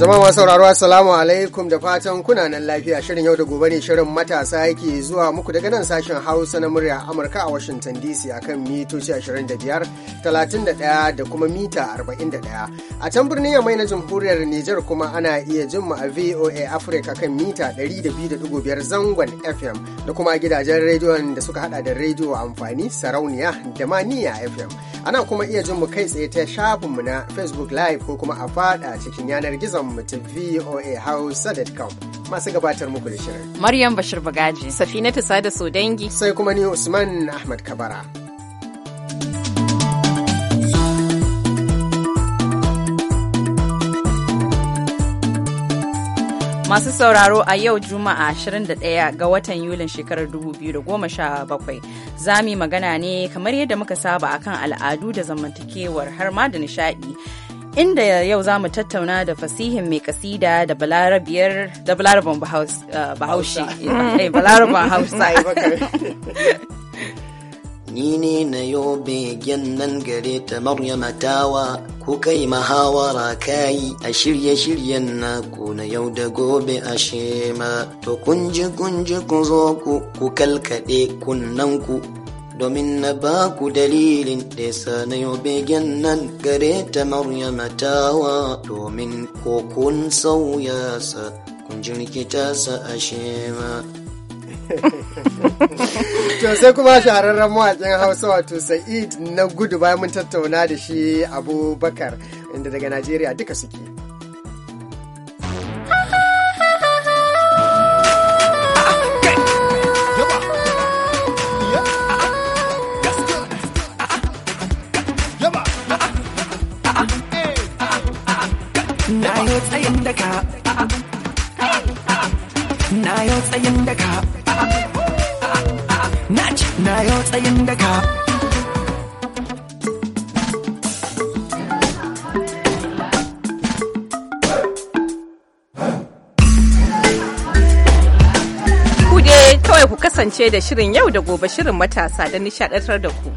Zama masu sauraro Assalamu alaikum da fatan kuna nan lafiya shirin yau da gobe ne shirin matasa yake zuwa muku daga nan sashen Hausa na murya Amurka a Washington DC akan mitoci 25, 31 da kuma mita 41. A can birnin Yamai na Jamhuriyar Nijar kuma ana iya jin mu a VOA Africa kan mita 102.5 zangon FM da kuma gidajen rediyon da suka hada da rediyo amfani sarauniya da maniya FM. Ana kuma iya jin mu kai tsaye ta shafin mu na Facebook Live ko kuma a fada cikin yanar gizon hausa ta voahausa.com masu gabatar muku da shirin. Maryam Bashir Bagaji. Safina ta sada so dangi. Sai kuma ni Usman Ahmad Kabara. Masu sauraro a yau Juma'a 21 ga watan Yulin shekarar 2017 za mu magana ne kamar yadda muka saba akan al'adu da zamantakewar har ma da nishaɗi. inda yau za mu tattauna da fasihin mai kasida da balarabiyar da balaraban uh, bahaushe eh, balaraban hausa ni ne na yobe begen nan gare ta maryama tawa ku kai mahawara kayi a shirye-shiryen na, naku na yau da gobe a shema to kunji kunji ku zo ku ku kalkaɗe kunnen domin na ba ku dalilin da ya sa na yau begen nan gare ta maryama tawa domin ko kun sauya sa kun jirkita sa a shema to sai kuma shahararren mawaƙin hausa wato sa'id na gudu bayan mun tattauna da shi abubakar inda daga najeriya duka suke kasance da shirin yau da gobe shirin matasa don nishadantar da ku.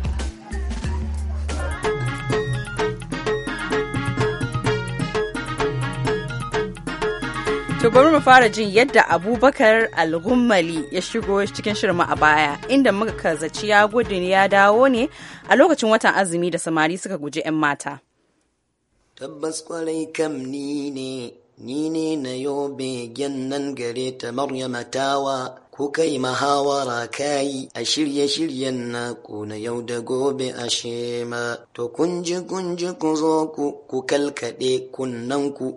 To bari mu fara jin yadda Abubakar al'ummali ya shigo cikin shirma a baya inda muka kazaci ya gudun ya dawo ne a lokacin watan azumi da samari suka guji 'yan mata. Tabbas kwarai kam ni ne, ni ne na yobe nan gare ta Maryama tawa ku kai mahawara kayi a shirye-shiryen naku na yau da gobe a shema to kunji kunji ku zo ku ku kalkaɗe kunnanku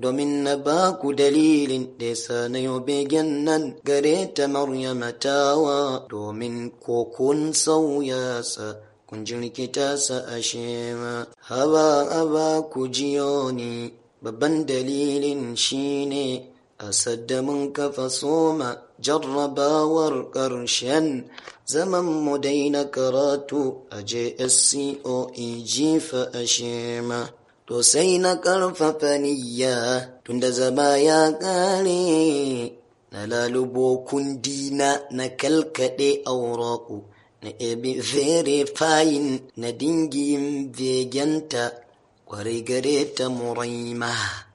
domin na ba ku dalilin da ya na yau begen nan gare ta maryama tawa domin ko kun sauya sa kun jirkita sa a shema haba ba ku jiyo ni, babban dalilin shine asaddamin kafa soma jarrabawar ƙarshen zaman mu daina karatu a jscoeg fa a shema to sai na ƙarfafa niyya da zama ya ƙare na lalubo kundina na kalkaɗe auraku na fere fayin na dingin begenta kwarai gare ta muraima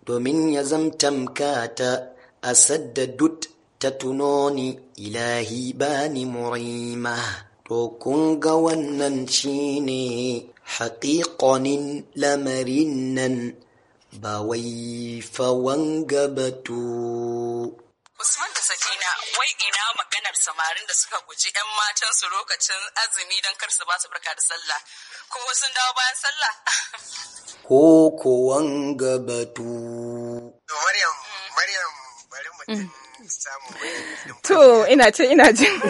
domin ya zamtamkata asaddadut ta tunoni ilahi bani murima to kun ga wannan shine haƙiƙonin lamarin nan ba wai fawan gabatu Usman da Sakina wai ina maganar samarin da suka guji 'yan matan su lokacin azumi don kar su ba su barka da sallah ko sun dawo bayan sallah ko kowan gabatu Maryam To ina ce ina jin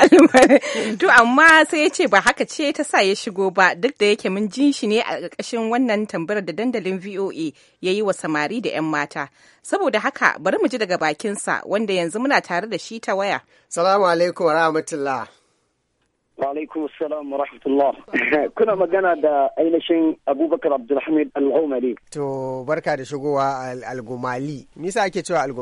almar. To amma sai ya ce ba haka ce ta sa ya shigo ba duk da yake mun ji shi ne a ƙarƙashin wannan tambayar da dandalin VOA ya yi wa samari da 'yan mata. Saboda haka bari mu ji daga bakinsa wanda yanzu muna tare da shi ta waya. Salamu alaikum wa rahmatullah. alaikum salam wa rahmatullah. Kuna magana da ainihin Abubakar Abdulhamid Al'umari. To barka da shigowa Al-Gumali. ake cewa al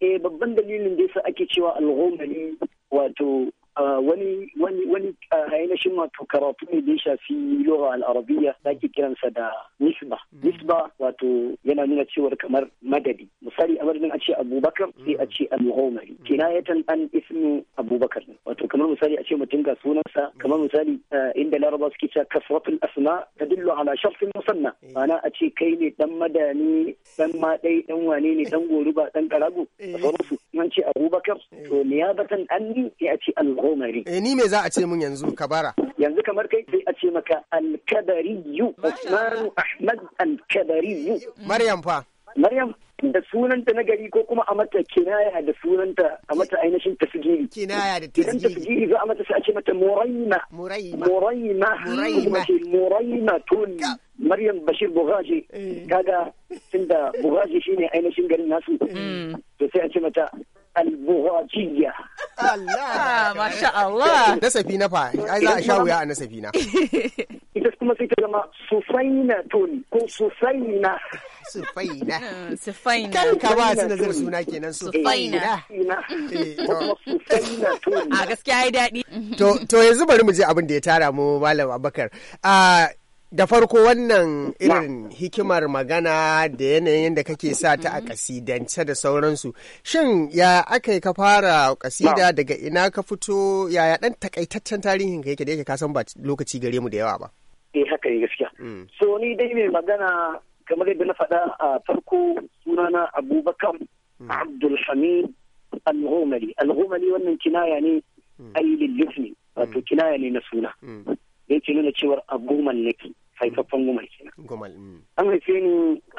eh babban dalilin da yasa ake cewa alghomari wato wani wani wani ainihin wato karatu ne da ya shafi lura al'arabiya da ake kiransa da nisba mm. nisba wato yana nuna cewar kamar madadi misali a madadin a ce abubakar mm. sai a ce al-muhammari kinayatan an ismu abubakar wato kamar misali a ce mutum ga sunansa kamar mm. misali inda laraba suke cewa kasratul asma Ta ala sharfin musanna eh. ana a ce kai ne dan madani dan madai dan wane ne dan goruba dan karago da eh. sauransu an ce abubakar eh. to niyabatan anni sai a ce al alghumari eh ni me za a ce mun yanzu kabara yanzu kamar kai sai a ce maka alkabariyu Usmanu Ahmad alkabariyu Maryam fa Maryam da sunanta na gari ko kuma a mata kinaya da sunanta a mata ainihin tasgiri. Kinaya da tasgiri. Idan tasgiri za a mata sai a ce mata Muraina. Muraina. Muraina. Muraina. Muraina tun. Maryam Bashir Bugaji. Eh. Kaga tunda Bugaji shine ainihin garin nasu. Mm. To sai a ce mata albuhajiyya. Allah! Ah, Masha Allah! Nasafi na fa, ai za a sha wuya a nasafi na. Ita kuma sai ta zama sufaina toni ko sufaina. Sufaina. Hmm, sufaina. Kan ka ba su nazar suna kenan sufaina. Sufaina. Eh, eh, a gaskiya ya daɗi. To yanzu bari mu je abin da ya tara mu Malam Abakar. Ah, da farko wannan irin hikimar magana da yanayin da kake sa ta a mm-hmm. kasidance da sauransu shin ya aka yi ka fara kasida daga ina ka fito yaya dan takaitaccen tarihin ka yake da yake kasan ba lokaci gare mu da yawa ba eh haka ne gaskiya mm. so ni dai mai magana kamar yadda na faɗa a farko sunana abubakar mm. abdulhamid al-ghumali al wannan kinaya ne mm. ai lillif wato kinaya ne na suna yake nuna cewar abu mallaki haifaffen gumal kenan gumal mm. an haife ni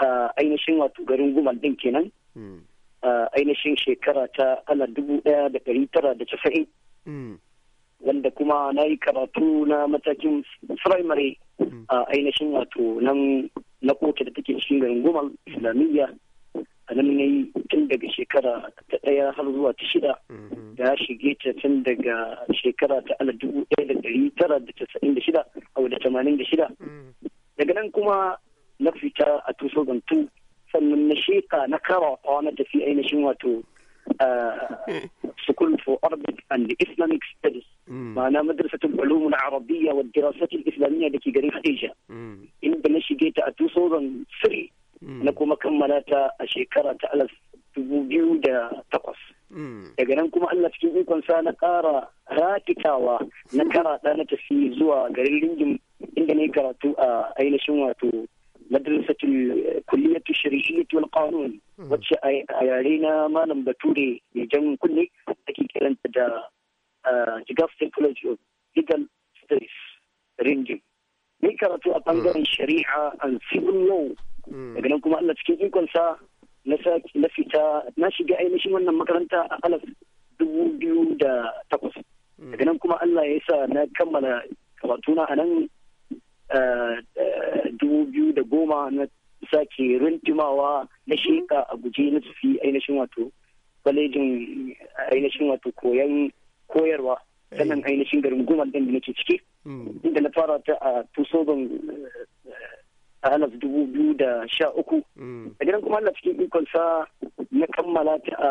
a ainihin wato garin gumal din kenan mm. ainihin shekara ta ala dubu ɗaya da ɗari tara da casa'in mm. wanda kuma na yi karatu na matakin firamare a ainihin wato nan na kotu da take cikin garin gumal islamiyya a nan tun daga shekara ta ɗaya har zuwa ta shida mm-hmm. da shige ta tun daga shekara ta alif dubu ɗaya da ɗari tara da casa'in da shida a da tamanin da shida daga nan kuma na fita a tuso gantu sannan na sheka na karawa na tafi ainihin wato سكول فور أربك أند إسلاميك ستاديز معنا مدرسة العلوم العربية والدراسات الإسلامية التي قريبة إيجا إن بلشي جيتا أتوصوضا سري نكو مكملة أشيكرة ألف تبوبيو دا تقص Mm. daga nan kuma Allah cikin ikonsa na ƙara ratikawa na karaɗa na tafi zuwa garin ringin inda ne karatu a ainihin wato madrasatul kulliyatu shari'iyyatu wal qanun mm. wacce a yare na malam bature mai jan kunne ake kiranta da Jigaf State College of Legal Studies Ringin. Ni karatu a bangaren mm. shari'a and civil law daga nan kuma Allah cikin ikonsa na fita na shiga ainihin wannan makaranta a alaf dubu biyu da takwas hmm. daga nan kuma Allah ya sa na kammala karatuna a nan eh, eh, dubu biyu da goma na sake rintimawa na hmm. sheka a guje na tafi ainihin wato kwalejin ainihin wato koyan koyarwa eh. sannan ainihin garin goma ɗin da nake ciki hmm. inda na fara ta a tusobin a alaf dubu biyu da sha uku mm. a gidan kuma Allah cikin ikonsa na kammala ta a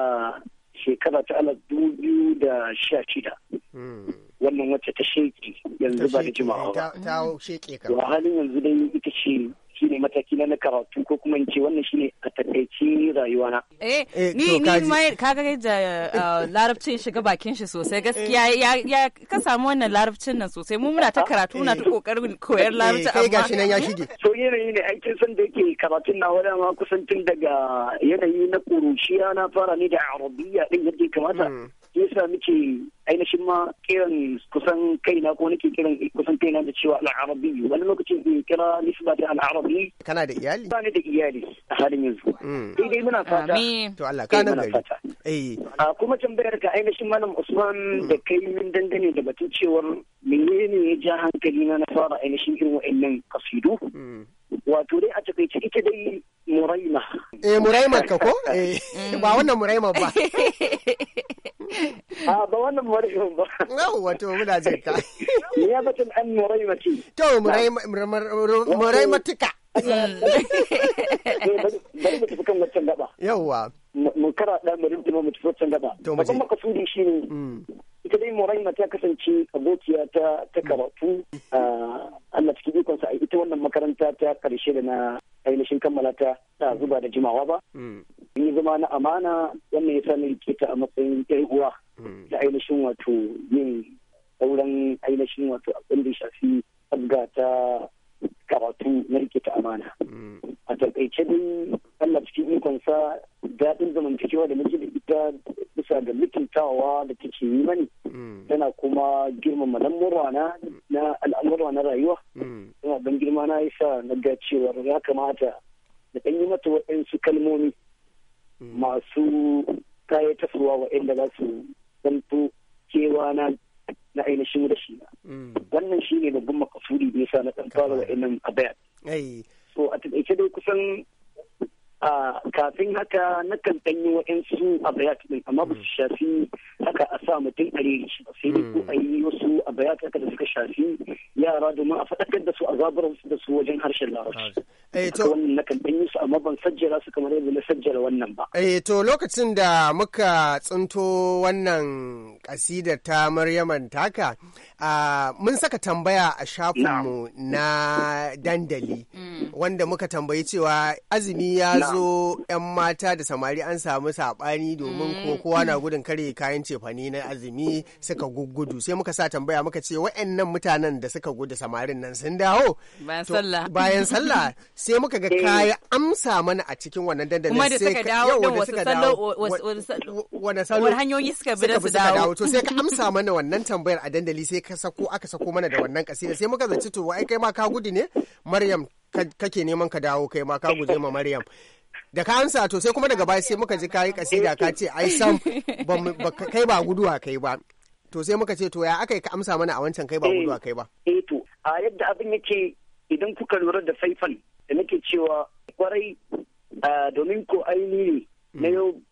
shekara ta alaf dubu biyu da sha shida mm. wannan wacce ta sheki yanzu ba da jimawa ba ta sheke ka halin yanzu dai ita ce shine mataki na karatu ko kuma in ce wannan shine a takaici rayuwana eh, eh ni ni mai kaga da uh, larabcin shiga bakin shi sosai gaskiya ya ka samu wannan larabcin nan sosai mu muna ta karatu muna ta eh. kokarin koyar larabci eh, amma gashi nan ya shige so yanayi ne aikin san da yake karatun na wani ma kusan tun daga yanayi na kurushiya na fara ne da arabiya din yadda kamata hmm. yasa muke ainihin ma kiran kusan kaina ko nake kiran kusan kaina da cewa al'arabi wani lokacin bai kira nisba da al'arabi kana da iyali ba ni da iyali a halin yanzu mm. sai dai muna fata to Allah ka nan fata eh kuma tambayar ka ainihin malam Usman mm. da kai min dangane da batun cewar menene ya ja hankali na na fara ainihin irin wa'annan kasidu mm. wato dai a takaice ita dai muraima eh muraima ka ko eh ba wannan muraima ba a ah, ba wannan muraima ba yawa wato muna jin ka ya batun an muraima ce to muraima muraima tuka eh, bari mu tafi kan wancan gaba yawa mu kara da mu rinjima mu tafi wancan gaba babban makasudi shine mm. ita dai muraima ta kasance abokiya ta karatu mm. ah, ikonsa a ita wannan makaranta ta karshe da na ainihin kammala ta ta zuba da jimawa ba. Mm. yi zama na amana wannan ya sami rike ta a matsayin yan uwa mm. da ainihin wato yin sauran ainihin wato abin da shafi sabga ta karatu na rike ta amana. Mm. A taƙaice dai Allah cikin ikonsa daɗin zamantakewa da muke da ita bisa ga mutuntawa da take yi mani mm. tana kuma girmama lamurwana na al'amurwa na rayuwa yana mm. ban girma na sa na ga cewar ya kamata da ɗan yi mata waɗansu kalmomi mm. masu kayan tasowa waɗanda za su zanto kewa na na ainihin da shi wannan shi ne babban makasuri da yasa na ɗan fara waɗannan a bayan so a taƙaice dai kusan kafin haka na kan ɗanyi waɗansu abayat ɗin amma ba su shafi haka a sa mutum a rere shi sai ko hmm. a yi wasu abayat haka da suka shafi yara domin a faɗakar da su a zaburar da su wajen harshen larabci. Eh to ba. Eh to lokacin da muka tsinto wannan kasida ta Maryaman taka mun saka tambaya a shafin mu na dandali mm. wanda muka tambayi cewa azumi ya zo 'yan mata da samari an samu saɓani domin ko mm. kowa na gudun kare kayan cefane na azumi suka guggudu sai muka sa tambaya muka ce wa'annan mutanen da suka gudu samarin nan sun dawo bayan sallah sai muka ga eh. kaya amsa mana a cikin wannan dandalin kuma da suka dawo da wasu sallo wani Wani hanyoyi suka bi da su dawo to sai ka amsa mana wannan tambayar a dandali sai ka sako aka sako mana da wannan kasida sai muka zaci to ai kai ma ka gudu ne Maryam kake neman ka dawo kai ma ka guje ma Maryam da ka amsa to sai kuma daga baya sai muka ji kayi kasida ka ce ai sam kai ba guduwa kai ba to sai muka ce to ya aka yi ka amsa mana a wancan kai ba eh. guduwa kai ba eh to a yadda abin yake idan kuka lura da faifan da nake cewa kwarai domin ko aini ne hmm. na yau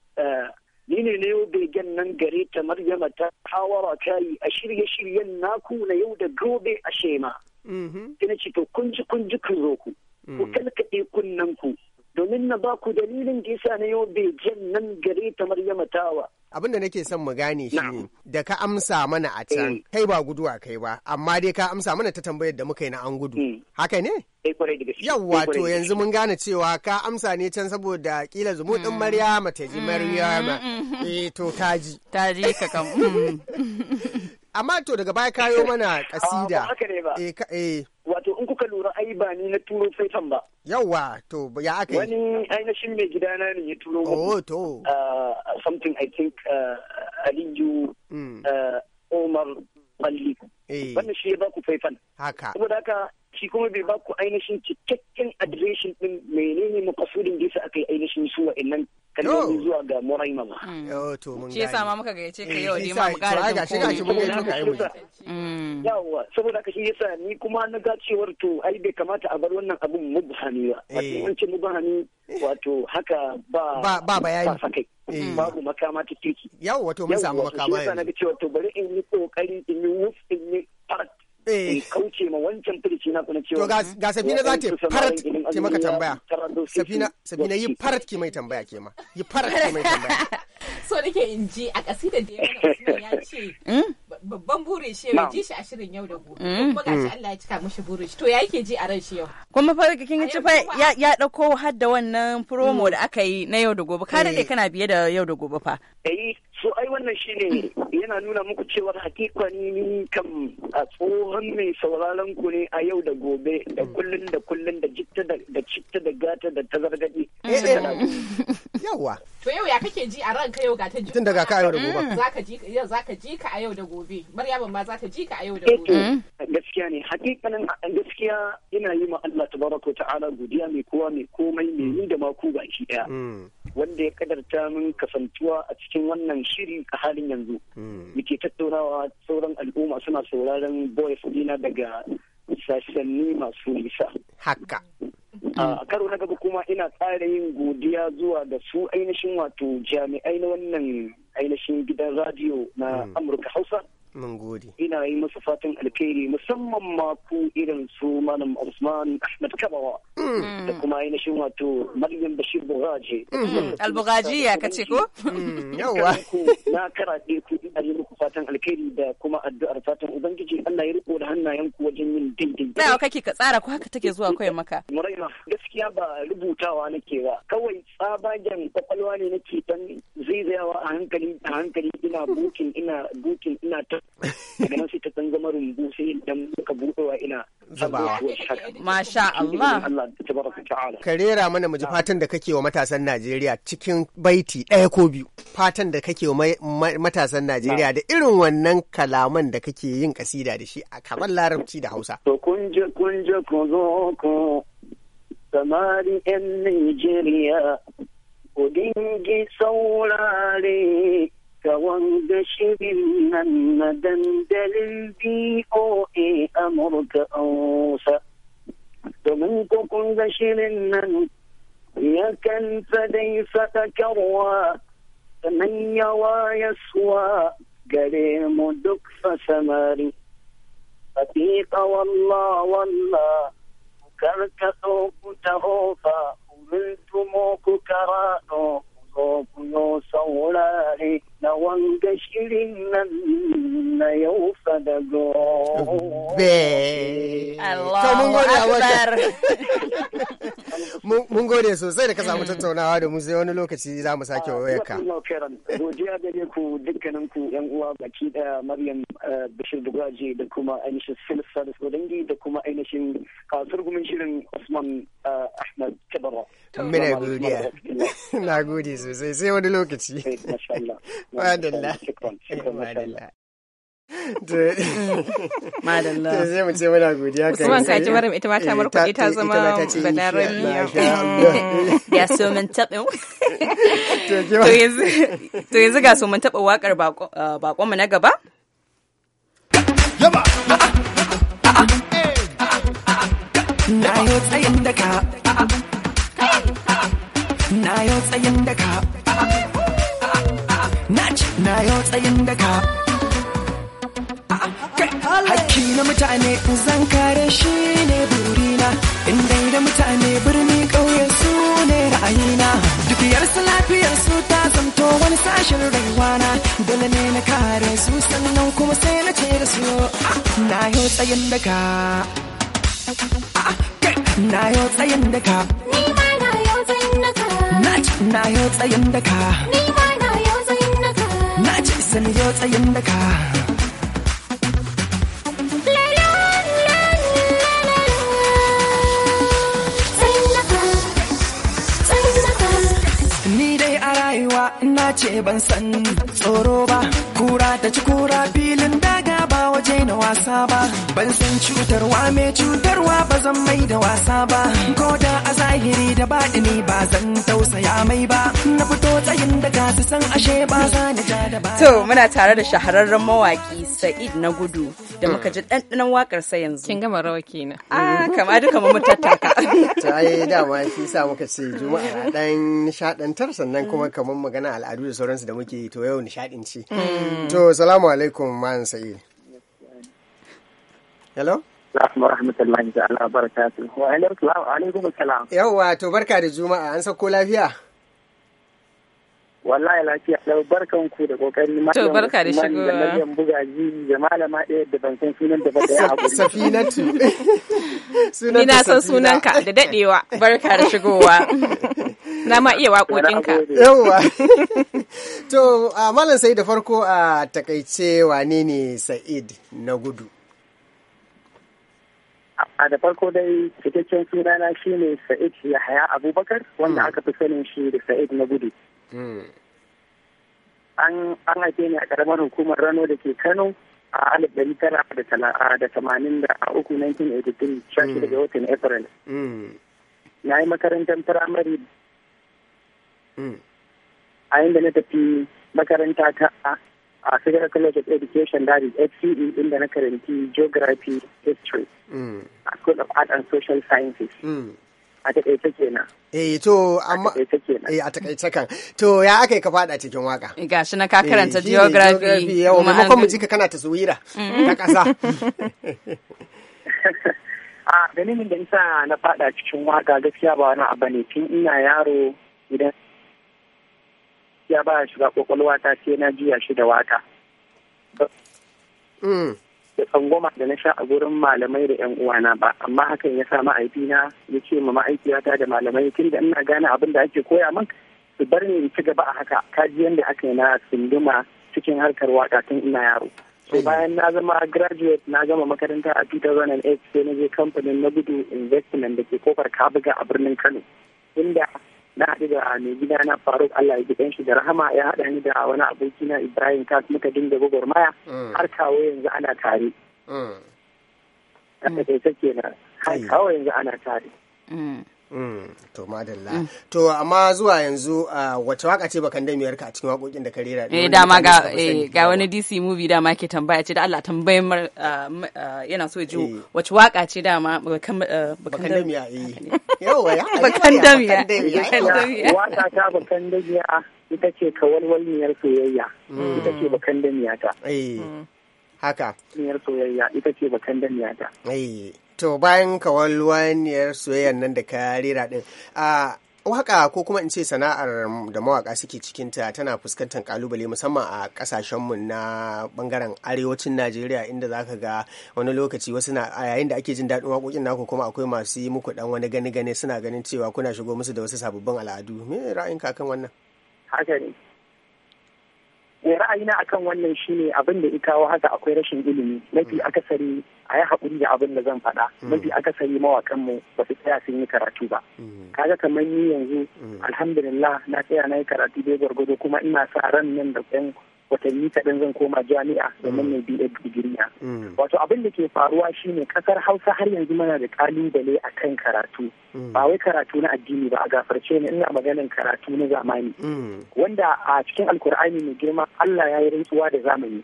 ni ne na yau begen nan gare ta maryama ta hawara ta yi a shirye-shiryen naku na yau da gobe a shema. Mm-hmm. Ina ce to kun ji kun ji kun zo ku. Ku hmm. kalkaɗe kunnen ku. domin na ba ku dalilin da na yau jan nan gare ta Maryama Tawa. Abin da nake son mu gane shi ne da ka amsa mana a can eh. kai ba gudu a kai ba amma dai ka amsa mana ta tambayar da muka yi na an gudu hmm. haka ne? Eh, Yawwa eh, to yanzu mun gane cewa ka amsa ne can saboda kila zumudin hmm. Maryama ta ji hmm. Maryama eh to ji. ka kam. amma to daga baya kayo mana kasida eh, eh. wato in kuka lura ai ba ni na turo faifan ba yawa to ya aka yi wani ainihin mai gidana ne ya turo oh to uh, something i think uh, aliyu mm. uh, omar malik eh. wannan shi ya ba ku faifan haka saboda haka shi kuma bai baku ainihin cikakken adireshin din menene makasudin da yasa aka yi ainihin su wa'annan kalmomi oh. zuwa ga Muraima ba. Mm. Oh, to mun Shi yasa ma muka gayyace ka eh, yau ne ma mu ƙara da komai. Shi mun gayyace ka mu. Yawwa saboda haka shi yasa ni kuma na ga cewar to ai bai kamata a bar wannan abun mubhami ba. Eh. Wato an ce mubhami wato haka ba ba ba bayani. Ba eh. babu makama ta kirki. Yawwa to mun samu makama. Yawwa shi yasa na ga cewa to bari in yi kokari in yi wuf in yi part in eh. kauce ma wancan na kuna cewa to ga safina za ta farat ke maka tambaya safina safina yi farat ke mai tambaya ke ma yi farat ke mai tambaya so nake in ji a kasi da ya ya ce hmm? babban burin shi ya ji shi a shirin yau da gobe hmm? kuma gashi hmm. Allah ya cika mishi burin shi to ya yake ji a ran shi yau kuma fa kin ci fa ya dauko har da wannan promo da aka yi na yau da gobe ka dade eh. kana biye da yau da gobe fa eh so ai wannan shine yana nuna muku cewar hakika ni kam a tsohon mai sauraron ku ne a yau da gobe da kullun da kullun da jitta da citta da gata da tazargadi eh, eh. yawa to yau ya kake ji a ranka yau ga ta ji tun daga ka yau da gobe mm. zaka ji yau zaka ji ka a yau da gobe maryam ma za ji ka a yau da eh, gobe gaskiya ne hakikanin gaskiya ina yi ma Allah tabaraka ta'ala godiya mai kowa mai komai mai ni da ma ku baki daya mm. wanda ya kadarta min kasantuwa a cikin wannan shiri a halin yanzu hmm. muke tattaunawa sauran al'umma suna sauraron boys dina daga sashenni masu nisa haka a karo na gaba kuma ina tsara yin godiya zuwa da su ainihin wato jami'ai na wannan ainihin gidan radio na hmm. amurka hausa Mun Ina yi masa fatan alkhairi musamman ma ku irin su Malam Usman Ahmed Kabawa. Mm. Da kuma yi na wato Maryam Bashir mm. Bugaji. Albugaji ya kace ko? Mm. Yawwa. Na karaɗe ku ina yi muku fatan alkhairi da kuma addu'ar fatan Ubangiji Allah ya riko da hannayenku wajen yin daidai. Na kake ka tsara ko haka take zuwa koyi maka? Muraima gaskiya ba rubutawa nake ba kawai tsabagen kwakwalwa ne nake dan zai a hankali a hankali ina bukin ina bukin ina ta daga nan sai ta san zama rumbu sai dan muka buɗewa ina zabawa masha Allah ka rera mana muji fatan da kake wa matasan Najeriya cikin baiti ɗaya ko biyu fatan da kake wa matasan Najeriya da irin wannan kalaman da kake yin kasida da shi a kamar larabci da Hausa to kun je kun je ku zo ku samari 'yan Najeriya ki saurare ga wanga shirin nan na dandalin BOA Amurka Hausa. Domin kun ga shirin nan ya yakan dai sadakarwa sannan yawa yaswa gare mu duk fasamari. Hakika wallah wallah karkato ku taho fa umintumo ku karaɗo. kofuno saurare na wanga shirin nan na yau fadago. Allah. Mun gode sosai da ka samu tattaunawa da mu sai wani lokaci za mu sake wayar ka. Ah, godiya da ku dukkanin ku yan uwa baki da Maryam eh, Bashir Dugaji da kuma ainihin Silsa da Sodangi da kuma ainihin kasurgumin ah, shirin Usman ah, Ahmad Muna godiya. Na gode sosai sai wani lokaci. Eh, madalla. Eh, madalla. Madalla. To sai mu ce muna godiya kai. Usman kaji maram ita ma ta markuɗe eh, ita zama balarabi. Ya so mun taɓin. To yanzu ga so mun taɓa waƙar uh, baƙonmu na gaba. Yaba! Na yi tsayin daga. na yo tsayin daka na ce na yo tsayin daka hakki na mutane zan kare shi ne burina in dai da mutane birni ƙauye su ne ra'ayina dukiyar su lafiyar su ta zamto wani sashen rayuwana dole ne na kare su sannan kuma sai na ce da su ah, na yo tsayin daka ah, na yo tsayin daka ni ma na yo tsayin daka ce na yo tsayin daka ni ma na yo tsayin daka na ce san yo tsayin daka na ce ban san tsoro ba kura ta ci kura filin daga daina wasa ba ban san cutarwa mai cutarwa ba zan mai da wasa ba ko da a zahiri da ni ba zan tausaya mai ba na fito tsayin da su san ashe ba za ni ja da ba to muna tare da shahararren mawaki Sa'id na gudu da mm. muka ji ɗanɗanon wakar sa yanzu kin gama rawa kenan a ah, kama duka mu tattaka ta yi dama shi sa muka ce juma'a dan nishadantar sannan kuma kamar magana al'adu da sauransu da muke to yau nishadin ce mm. to salamu alaikum man Sa'id hello Assalamu rahmatullahi barka su. wa alaikum assalam yawa to barka da juma'a an sauko lafiya wallahi lafiya da barkan ku da kokari ma to barka da shigo da Maryam Bugaji da malama ɗaya da ban san sunan da ba da hakuri Safinatu sunan ina san sunanka da dadewa barka da shigowa na ma iya waƙoƙinka Yawwa to malam sai da farko a takaice wane ne Sa'id na gudu a da farko dai cikakken sunana shine sa'id yahaya abubakar wanda hmm. aka fi sanin shi da sa'id na gudu hmm. an haife ni a karamar hukumar rano da ke kano a alif dari tara da tamanin da a uku 1983 shashi daga watan april hmm. na yi makarantar firamare a inda na tafi makaranta ta a Federal College of Education that is FCE inda na karanti Geography, History, mm. a School of Art and Social Sciences. Mm. A takaice kenan. Eh to amma eh a takaice kan. To ya aka ka fada cikin waka? Eh, ga shi na ka eh, karanta geography. Yawa maimakon mu ji ka kana taswira mm. ta kasa. A ah, dalilin da isa na fada cikin waka gaskiya ba wani abu ne tun ina yaro idan gaskiya baya shiga kwakwalwa ta sai na jiya shi da waka mm. da tsangwama da na sha a gurin malamai da yan uwana ba amma hakan ya sa ma'aikina ya ce ma ma'aikiyata da malamai tun da ina gane abin da ake koya min su bar ni ci gaba a haka kaji yadda aka yi na tsunduma cikin harkar waka tun ina yaro so mm. bayan na zama graduate na gama makaranta a 2008 sai na je kamfanin na gudu investment da ke kofar kabuga a birnin kano inda na haɗu da mai gida na faruk allah ya gidan shi da rahama ya haɗa ni da wani aboki na ibrahim kas muka dinga gwagwarmaya mm. har kawo yanzu ana tare mm. a takaice kenan har kawo yanzu ana tare mm. to madalla mm. to amma zuwa yanzu wace waka ce bakan da miyarka a cikin wakokin da ka rera eh dama ga eh, ga wani DC movie dama ke tambaya ce da Allah tambayin yana so ji eh. wace waka ce dama bakan bakan damiya eh yawa ya bakan miya waka ta bakan miya ita ce miyar mm. eh, mm. soyayya ita ce bakan miya ta eh haka miyar soyayya ita ce bakan miya ta eh to bayan kawalwaniyar soyayyar nan da ka rera din a waka ko kuma in ce sana'ar da mawaka suke cikinta tana fuskantar kalubale musamman a mu na bangaren arewacin najeriya inda za ka ga wani lokaci wasu na a yayin da ake jin daɗin waƙoƙin naku kuma akwai masu yi muku ɗan wani gani gani suna ganin cewa kuna shigo musu da wasu sababbin al'adu me ra'ayin kakan wannan haka ne Eh, ra'ayina akan wannan shine abin da kawo haka akwai rashin ilimi mafi hmm. akasari a yi haƙuri da abin da zan faɗa hmm. mafi akasari mawakan mu ba su tsaya sun yi karatu ba hmm. kaga kamar ni yanzu alhamdulillah na tsaya na yi karatu bai gwargwado kuma ina sa ran nan da ɗan watanni kaɗan zan koma jami'a domin mai mm. BA digiri na. Mm. Wato abin da ke faruwa shine kasar Hausa har yanzu mana da kalubale a kan karatu. Mm. Ba wai karatu na addini ba a gafarce ne ina maganin karatu na zamani. Wanda a cikin Alkur'ani mai girma Allah ya yi rantsuwa da zamani.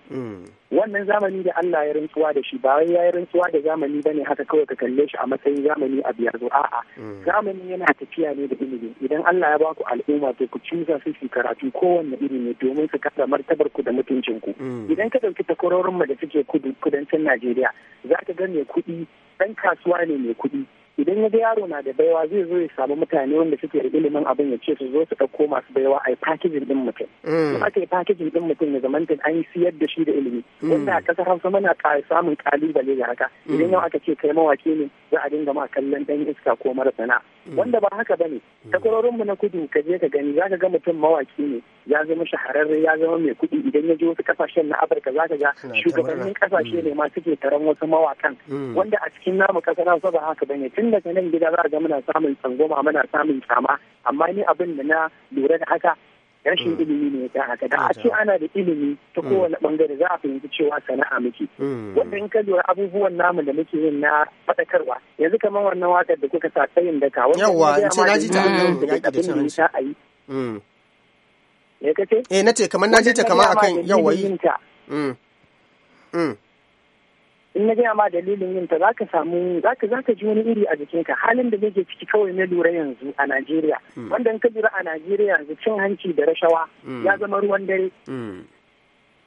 Wannan zamani da Allah ya rantsuwa da shi ba wai ya yi rantsuwa da zamani ne haka kawai ka kalle shi a matsayin zamani a biyar zo a'a. Zamani yana tafiya ne da ilimi idan Allah ya ba ku al'umma to ku cuza su karatu kowanne ilimi domin su kasa martabar ku da mutuncin ku mm. idan ka dauki takwarorin mu da suke kudu kudancin Najeriya za ka ga mai kuɗi ɗan kasuwa ne mai kuɗi idan ya ga yaro na da baiwa zai zo ya samu mutane wanda suke da ilimin abin ya ce su zo su ɗauko masu baiwa a yi din mutum. Mm. In aka yi fakijin ɗin mutum ya zamantin an siyar da shi da ilimi. Mm. Wanda a kasar Hausa muna samun ƙalubale ga haka. Idan yau aka ce kai mawaki ne za a dinga ma kallon ɗan iska ko mara sana'a. Mm. wanda ba haka bane mm. takwarorin mu na kudu ka je ka gani zaka ga mutum mawaki ne ya zama shahararre ya zama mai kuɗi idan ya je wasu kasashen na Afirka zaka ga shugabannin kasashe ne mm. ma suke taron wasu mawakan wanda a cikin namu kasa na ba haka bane tun daga nan gida za ga muna samun tsangoma muna samun kyama amma ni abin da na lura da haka rashin mm. ilimi ne ya haka da a ce ana da ilimi ta mm. kowane bangare za a fahimci cewa sana'a muke mm. wanda in ka lura abubuwan namu da muke yin na faɗakarwa yanzu kamar wannan wakar da kuka sa yin daka wanda yawa in ce naji ta abin da eh kamar ta kamar akan yawa yi in na gaya ma dalilin yin ta zaka samu zaka zaka ji wani iri a jikinka halin da nake ciki kawai na lura yanzu a Najeriya hmm. wanda in ka lura a Najeriya yanzu cin hanci da rashawa hmm. ya zama ruwan dare hmm.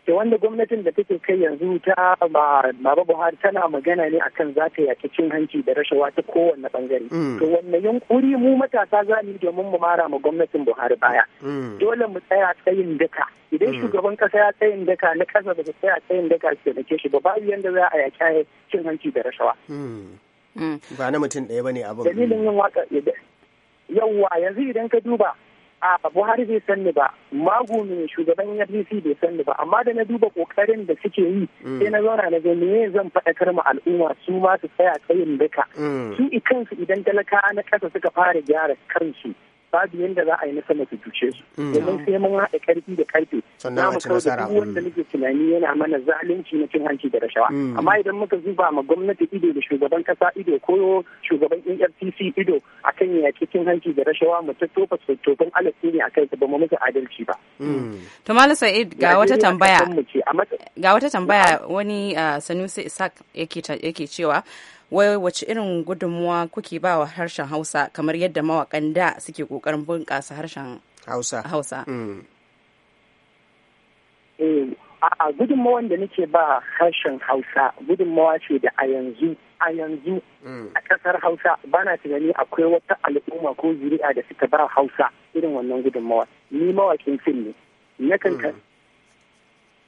da wanda gwamnatin da take kai yanzu ta ba baba buhari tana magana ne akan za ta yaki cin hanci da rashawa ta kowanne bangare mm. to wannan yunkuri mu matasa za mu domin mu mara ma gwamnatin buhari baya mm. dole mu tsaya tsayin daka idan mm. shugaban kasa ya tsayin daka na kasa ba tsaya tsayin daka a taimake shi ba babu yanda za a yaki cin hanci da rashawa ba na mutum ɗaya ba abin dalilin yin waka yawwa yanzu idan ka duba a buhari bai san ni ba magu ne shugaban fdc bai san ni ba amma da na duba kokarin da suke yi mm. sai na zauna na ga ne zan faɗakar ma al'umma su ma su tsaya tsayin duka mm. su ikansu idan talaka na ƙasa suka fara gyara kansu babu yadda za a yi na sama cuce su mm. domin sai mun haɗa karfi da karfe na mu da duk wanda muke tunani yana mana zalunci na cin hanci da rashawa mm. amma idan muka zuba ma gwamnati ido da shugaban kasa ido ko shugaban nftc ido a akan yaki cin hanci da rashawa mu tattofa tofin alaƙi ne akai ba mu musu adalci ba mm. to malam sa'id ga wata tambaya ga wata tambaya wani ah, sanusi isaac yake cewa wai wace irin gudunmuwa kuke ba wa harshen hausa kamar yadda mawakan da suke kokarin bunƙasa harshen hausa hausa mm. eh, a gudunmawar da nake ba harshen hausa gudunmawa ce da a yanzu a yanzu mm. a ƙasar hausa ba na tunani akwai wata al'umma ko zuri'a da suka ba hausa irin wannan gudunmawa ni mawakin fim ne nakan mm.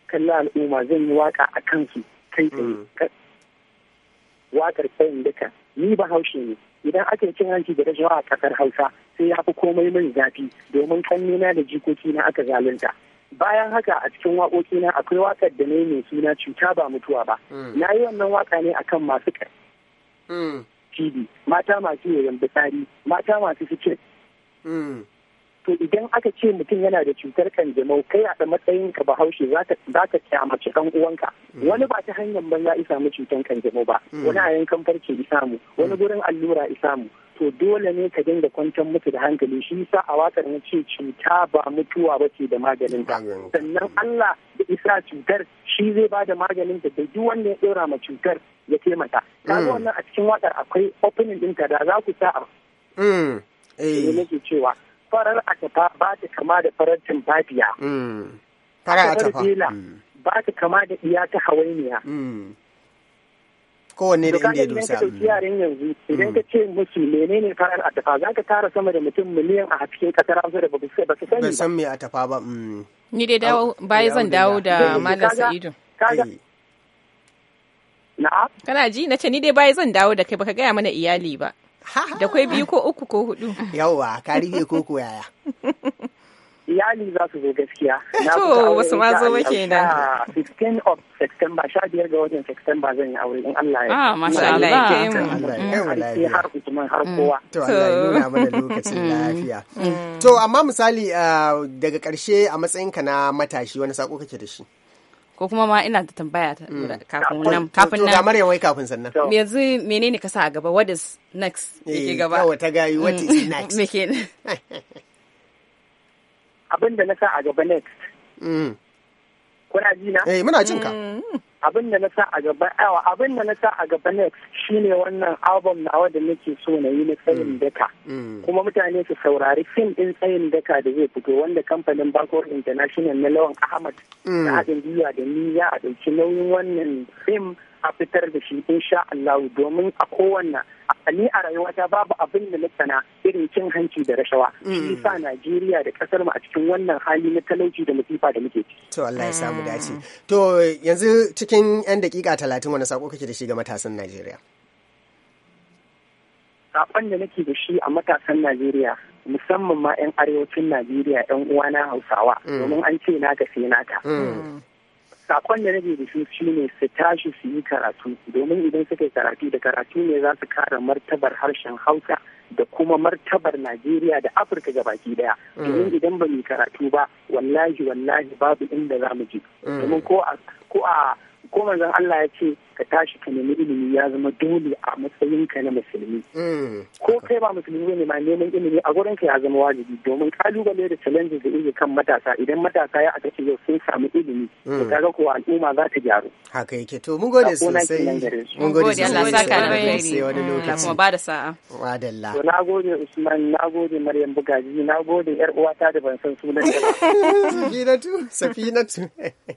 kalli al'umma zan yi waka a kansu kai tsaye wakar tsayin duka ni ba haushe ne idan aka yi cin hanci da rashawa a kasar hausa sai ya fi komai min zafi domin na da jikoki na aka zalunta bayan haka a cikin waƙoƙi na akwai wakar da na yi mai suna cuta ba mutuwa ba hmm. na yi wannan waka ne akan masu kai hmm. mata masu yoyon bitari. mata masu fice hmm. to idan aka ce mutum yana da cutar kanjamau kai a matsayin ka bahaushe za ka kyamaci dan uwanka mm. wani ba ta hanyar banza isa mu cutar kanjamau ba mm. wani a yankan farce isa mu wani mm. gurin allura isa mu to dole ne ka dinga kwantar mutu da hankali shi sa a wakar na ce cuta ba mutuwa ba ce da maganin ta sannan Allah da isa cutar shi zai ba da maganin ta da duk wanda ya ɗora ma cutar ya taimaka kaga wannan a cikin wakar akwai opening ɗinta da za ku sa a eh. nake cewa farar atafa ba ta kama da farar tumfafiya. Mm. Farar atamfa. Mm. Ba ta kama da iya ta hawainiya. Mm. kowanne da inda ya dusa. Idan ka yaren yanzu idan ka ce musu menene farar atafa za ka tara sama da mutum miliyan a cikin kasar Hausa da ba su sani ba. san me atafa ba. Ni dai dawo baya zan dawo da Malam Sa'idu. Kana ji na ce ni dai baya zan dawo da kai baka gaya mana iyali ba. da kwai biyu ko uku ko hudu Yawwa, kari ne ko ko yaya iyali za su zo gaskiya to wasu ma zo ba kenan 15 of september sha biyar ga watan september zan yi aure in Allah ya ah masha Allah ya kai mu Allah sai har usman har mm. kowa to Allah ya nuna mana mm. lokacin lafiya mm. to amma misali ah, daga karshe a matsayinka na matashi wani sako kake da shi ko kuma ma ina da tambaya ta. Mm. kafin nan kafin nan ga wai kafin sannan yanzu menene ka sa a gaba what is next eh, yake gaba kawai ta gayi what mm. is next me ke abin da na sa a gaba next mm. kuna ji na eh muna jin ka abin da na sa a gaba yawa abin da na sa a gaba ne shine wannan album nawa da nake so na yi na tsayin mm. daka mm. kuma mutane su saurari fim din tsayin daka da zai fito wanda kamfanin Bakor International na Lawan Ahmad mm. da haɗin gwiwa da ni ya a ɗauki nauyin wannan fim a fitar da shi insha Allah domin a kowanne ni a rayuwata babu abin da na sana irin cin hanci da rashawa shi mm. sa Najeriya da kasar mu a cikin wannan hali na talauci da masifa da muke to Allah ya samu dace mm. to yanzu cikin yan dakika talatin wani sako kake da shi ga matasan Najeriya Saƙon da nake da shi a matasan Najeriya musamman ma 'yan arewacin Najeriya 'yan uwana Hausawa mm. domin an ce na sai naka sakon da nake da shi shine su tashi su yi karatu domin idan suka yi karatu da karatu ne za su kara martabar harshen hausa da kuma martabar najeriya da afirka ga baki daya mm. domin idan ba mu karatu ba wallahi wallahi babu inda za mu je mm. domin ko a ko manzon allah ya ce ka tashi ka nemi ilimi ya zama dole a ka na musulmi mm, ko kai ba musulmi ne ma neman ilimi a gurin ka ya zama wajibi domin kalubale da challenges da iya kan matasa idan matasa ya aka ce yau sun samu ilimi to mm. kaga ko al'umma za ta gyaru haka yake to mun gode sosai mun gode Allah saka alheri wani mm, lokaci kuma ba da sa'a wadalla to nagode Usman nagode Maryam Bugaji nagode yar uwata da ban san sunan ta Safinatu Safinatu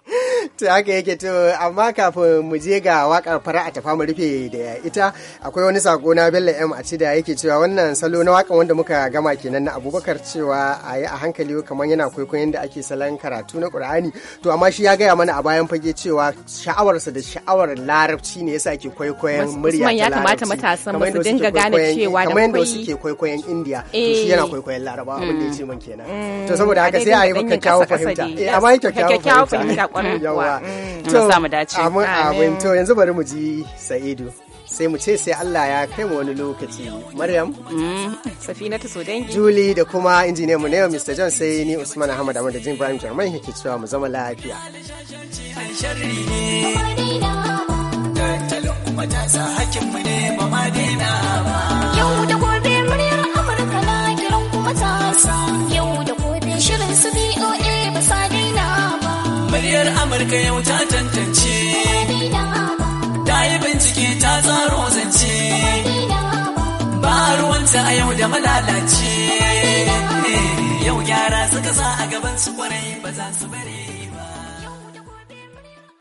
to haka yake to amma kafin mu je ga wakar fara a tafa mu rufe da ita akwai wani sako na Bello M a ci da yake cewa wannan salo na wakan wanda muka gama kenan na Abubakar cewa a yi a hankali kamar yana kwaikwayon da ake salon karatu na Qur'ani to amma shi ya gaya mana a bayan fage cewa sha'awarsa da sha'awar larabci ne yasa ke kwaikwayon murya ta larabci. ya kamata matasan ba su dinga gane cewa da kamar yadda suke ke kwaikwayon India to shi eh. yana kwaikwayon Laraba abin da ya ce man kenan. Mm. To saboda haka sai a yi kyakkyawan fahimta. Eh amma kyakkyawan fahimta. fahimta kwarai. Yawa. Mm. To samu dace. to yanzu bari mu ji Sa'idu. Sai mu ce sai Allah ya kai mu wani lokaci. Maryam? Mm, Safina ta dangi. juli da kuma injiniyan mu yau Mr. John sai ni Usman Ahmad Ahmad da Jim Ibrahim Jarmai yake cewa mu zama lafiya. Amurka yau ta tantance. ta yi bincike ta tsaro zance ba ruwanta a yau da malalace eh, yau gyara suka sa a gaban su kwarai ba za su bari